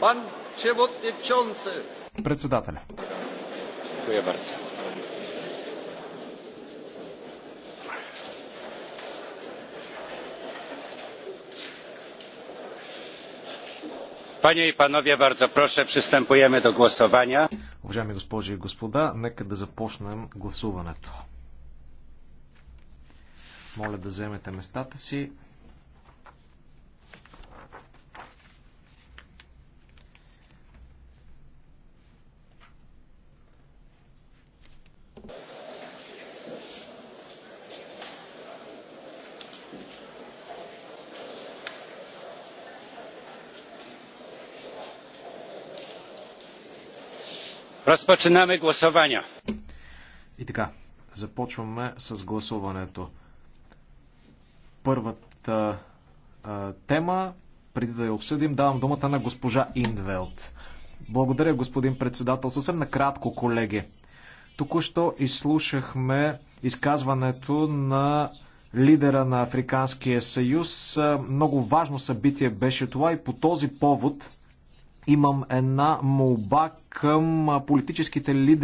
Pan przewodniczący. Председателя. Dziękuję bardzo. Panie i panowie, bardzo proszę, przystępujemy do głosowania. Уважаеми госпожи и господа, нека да започнем гласуването. Моля да вземете местата си. Разпочинаме гласования. И така, започваме с гласуването. Първата а, тема, преди да я обсъдим, давам думата на госпожа Индвелт. Благодаря, господин председател. Съвсем накратко, колеги. Току-що изслушахме изказването на лидера на Африканския съюз. Много важно събитие беше това и по този повод имам една молба към политическите лидери